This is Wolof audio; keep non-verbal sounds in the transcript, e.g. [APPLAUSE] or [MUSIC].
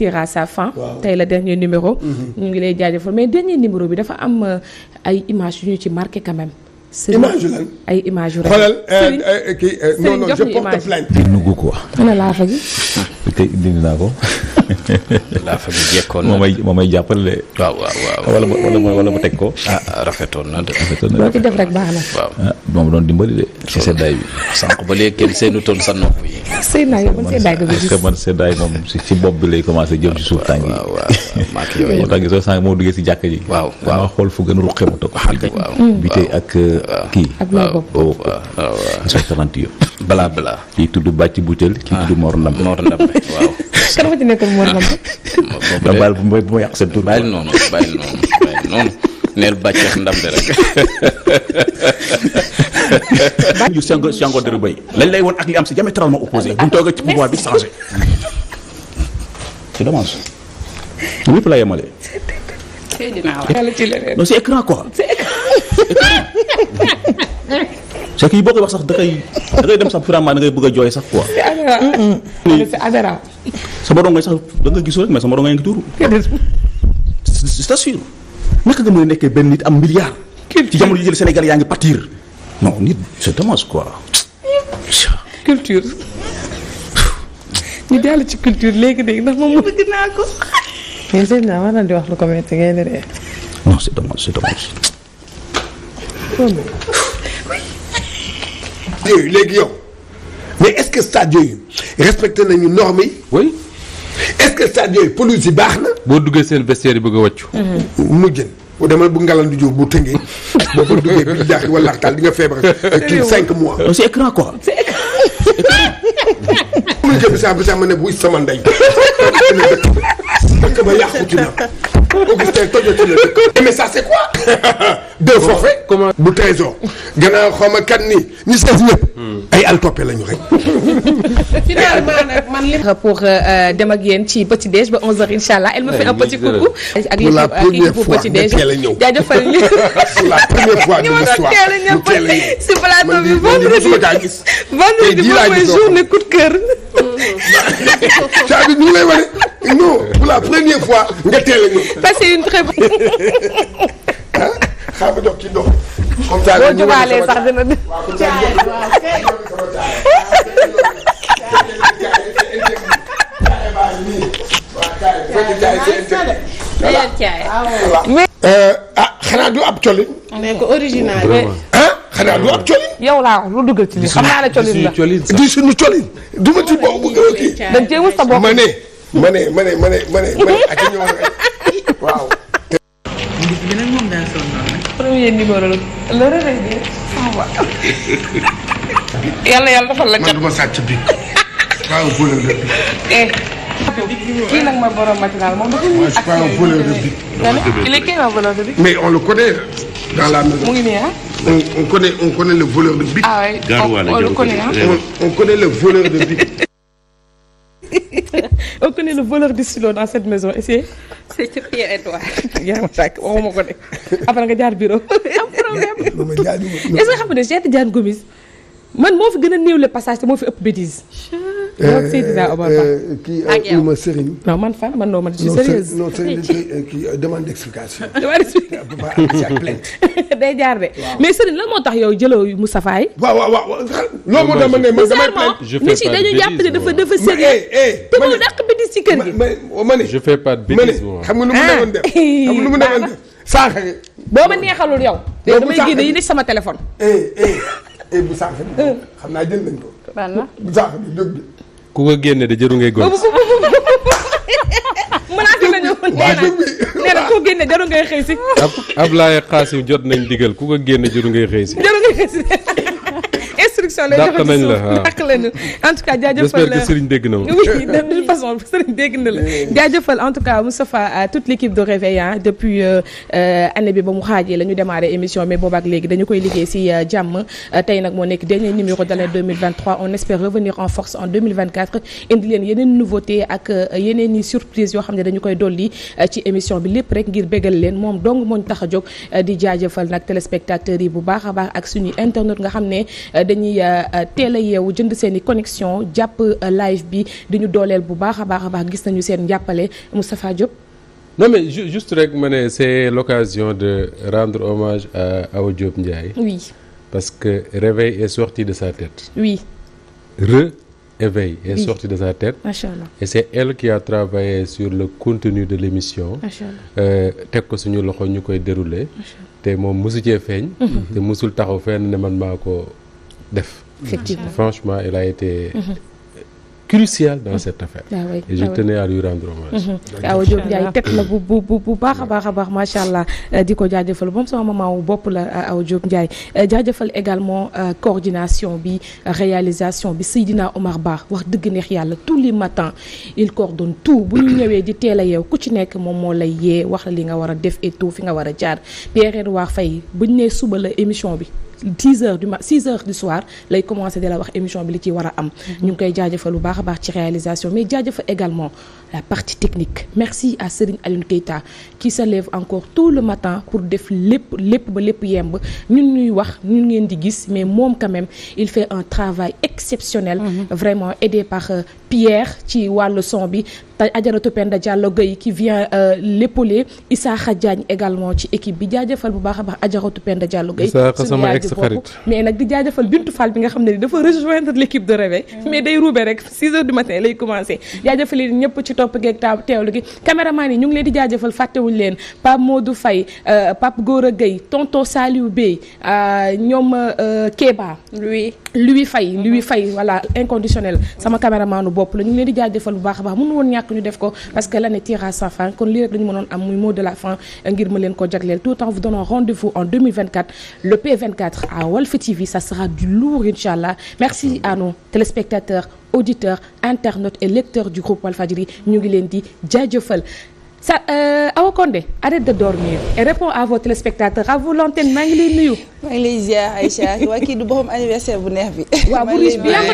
tire à tey la dernier numéro. Mhm. ñu ngi lay jaajëfal mais dernier numéro bi dafa am euh, ay image yu ñu ci marqué quand même. image lan ay image yu rek xoolal kii non non je porte plainte. te nugu quoi. ana laa fa gi. tey indi naa ko. laa [LAUGHS] fa moo may moo may jàppale de. waaw waaw waaw wala ma teg ko. Ah, ah rafetoon na de. rafetoon na de loo ci def rek baax na. waaw ah, moom doon dimbali de. ci seddaay bi. sànq ba léegi kenn seenutoon sa nopp yi. [LAUGHS] seddaay man seddaay ba gis man seddaay moom si si bopp bi lay commencé jëm ci suuf tàng yi. waaw waaw ngi yooyu. moo tax moo duggee si jàkk ji. waaw waaw xool fu gën a ruqee ma toog. waaw bi mm. ak uh, kii. ak lay bopp waaw waaw ah, waaw. balaa balaa. kii waaw kan ma ci nekkoon Mor Lambe. Ah. boobu baal bu ma bu ma yàq noonu bàyyil noonu bàyyil si diamétralement opposé buñ toogee boo koy wax sax da koy dem sax vraiment da ngay bëgg a jooy sax quoi. sama rongoñ sax da nga gisul rek mais sama rongoñ ngi tuuru. c'est sûr naka nga mën a nekkee benn nit am milliard. ci jamono ji jël Sénégal yaa ngi nit c'est ñu jàll ci culture léegi léegi ndax moom bëgg naa ko. mais sëñ naa war na di wax lu ko metti ngay ne de. non c'est dommage c'est dommage. Eh, léegi yow. mais est-ce que stade yooyu respecté nañu normes yi. oui est-ce que stade yooyu pelouse yi baax na. boo duggee seen vestiaire yi bëgg a wàccu. Mm-hmm. mujj na dama bu ngalandu Diouf bu tëngee boo fa duggee bi daax nga feebar [LAUGHS] kii 5 mois. c'est écran quoi. mu jëm saa ma ne bu sama ndey. dëkk ba yàqu ci na. Augustin tojjati na dëkk. Eh, mais ça c'est quoi. [LAUGHS] deux forfaits. bu trésor. gannaaw xaw ma kan ni ñu seet ñëpp. ay al toppe lañu rek. [LAUGHS] finalement nag man li pour euh, euh, dem ak yéen ci petit déj ba 11h incha allah elle me fait un petit coucou. pour la première fois nga teel a ñëw. la première fois [LAUGHS] de l'histoire ñu teel a une très bonne. [LAUGHS] ah xanaa du ab colin. mais ko original ah xanaa du ab colin. yow laa wax lu duggal ci lii xam naa ne colin la di suñu colin du ma ci boobu nga kii. dañ cee wus sa ma ne ma ne ma ne ma ne ak ñëw waaw. gis [LAUGHS] nga yàlla yàlla defal la cat man du ma sàcc bi waaw de bi. Eh. kii nag mooy borom matinal moom dafa ñuy ak voleur de bi. il est quel voleur de bi. mais on le la maison. mu ngi on connaît on voleur de bi. Ah on le connaît voleur de bi. [LAUGHS] on connaît le voleur du stylo dans cette maison essayez. c'est Pierre et toi. yaa ma tàkk waxuma ko après nga jaar bureau. [LAUGHS] est-ce que xam nga ne Cheikh Tidiane Gomis. man moo fi gën a néew le passage te moo fi ëpp bêtise. Euh, donc Seydina Omar Ba. kii Ouma Serigne. non man fan man non man je suis sérieuse. non Serigne kii euh, euh, demande [LAUGHS] [LAUGHS] jaar mais Serigne lan moo tax yow jëloo Moustapha yi. waaw waaw waaw loolu moo tax man de man damay plainte. je fais pas de bêtise jàpp ne ma lu mu demoon ah. def [LAUGHS] boo ma neexalul yow. damay génne yi ne sama téléphone. Eh, eh. et eh, bu sànq bi eh. xam naa jël nañ ko. bu sànq bi ko génne de jëru ngay góor. [LAUGHS] mënaat nañu nee na ku génne jëru ngay xëy si. ab Ablaye Xaasim jot nañ digal ku ko génne jëru ngay xëy si. jëru ngay xëy si. production lay joxe ci lañu en tout cas jaajëfal j'espère que dégg na la jaajëfal en tout cas Moustapha toute l'équipe de Réveil depuis euh, euh, bi ba mu xaajee la ñu émission mais boobaak léegi dañu koy liggéey si euh, jàmm tey nag moo nekk dernier numéro de l'année on espère revenir en force en 2024 yeneen nouveauté ak yeneen i surprise yoo xam ne dañu koy dolli ci émission bi lépp rek ngir bégal moom dong mooñ tax a jóg di jaajëfal nag téléspectateurs yi bu baax a baax ak suñuy internet nga xam ne Euh, euh, teel a yeewu jënd seen i connexion jàpp euh, live bi di ñu dooleel bu baax a baax a baax gis nañu seen jàppale Moustapha Diop. non mais juste rek ma ne c'est l'occasion de rendre hommage à Awa Diop Ndiaye. parce que réveil est sorti de sa tête. oui re. éveil est sorti de sa tête allah et c'est elle qui a travaillé sur le contenu de l'émission teg ko suñu loxo ñu koy dérouler te moom mosu cee feeñ mhm. te mosul taxaw fenn ne man maa ko def franchement elle a été mhm. crucial dans mhm. cette affaire. Ah et je ah tenais mhm. ah teg la bu bu baax a baax a baax macha allah euh, di ko jaajëfal moom sama maman wu bopp la euh, aw Diop Ndiaye euh, jaajëfal également coordination bi réalisation bi Seydina Omar baax wax dëgg neex yàlla tous les matins il coordonne tout bu ñëwee di teel a yeew ku ci nekk moom moo lay yee wax la li nga war a def et fi nga war a jaar Pierre Edouard fay bu ñu nee suba la émission bi. dix heures ma six heures du soir lay commencé di la wax émission bi li ci war a am mhm. ñu ngi koy jaajëfal lu baax a baax ci réalisation mais jaajëfal également la partie technique merci à Serigne Alioune Keita qui se lève encore tout le matin pour def lépp lépp ba lépp yemb ñun ñuy wax ñun ngeen di gis mais moom quand même il fait un travail exceptionnel mhm. vraiment aidé par euh, Pierre ci wàllu son bi te Adjaratou Penda Diallo Gueye qui vient euh, l'épauler Isaaxa Diagne également ci équipe bi jaajëfal bu baax a baax Adjaratou Penda Diallo Gueye sama ex xarit mais nag di jaajëfal Bintu Fall bi nga xam ne dafa rejoindre l'équipe de réveil mm. mais day ruube rek 6 heures du matin lay commencé jaajëfal leen ñëpp ci topp geeg ta teewlu gi caméraman yi ñu ngi leen di jaajëfal fàttewuñ leen Pape Modou Faye euh, Pape Gora Gueye tonton Saliou Bey euh, ñoom Kéba oui lu Louis lu Louis Faye voilà inconditionnel sama caméramanu bopp la ñu ngi leen di jaajëfal bu baax a baax mënu woon ñàkk ñu def ko parce que l'année tire à sa fin kon lii rek la ñu mënoon am muy mot de la fin ngir ma leen ko jagleel tout en vous donnant rendez en le P24 à Walf TV ça sera du lourd inchallah merci à nos téléspectateurs auditeurs et lecteurs du groupe Walfadjri ñu ngi leen di jaajëfal sa euh, Awa Condé arrête de dormir et réponds à vos téléspectateurs à vous maa ngi lay nuyu. maa ngi lay ziar Aïcha [LAUGHS] waa kii du borom anniversaire bu neex bi. waaw [LAUGHS] bu riche bi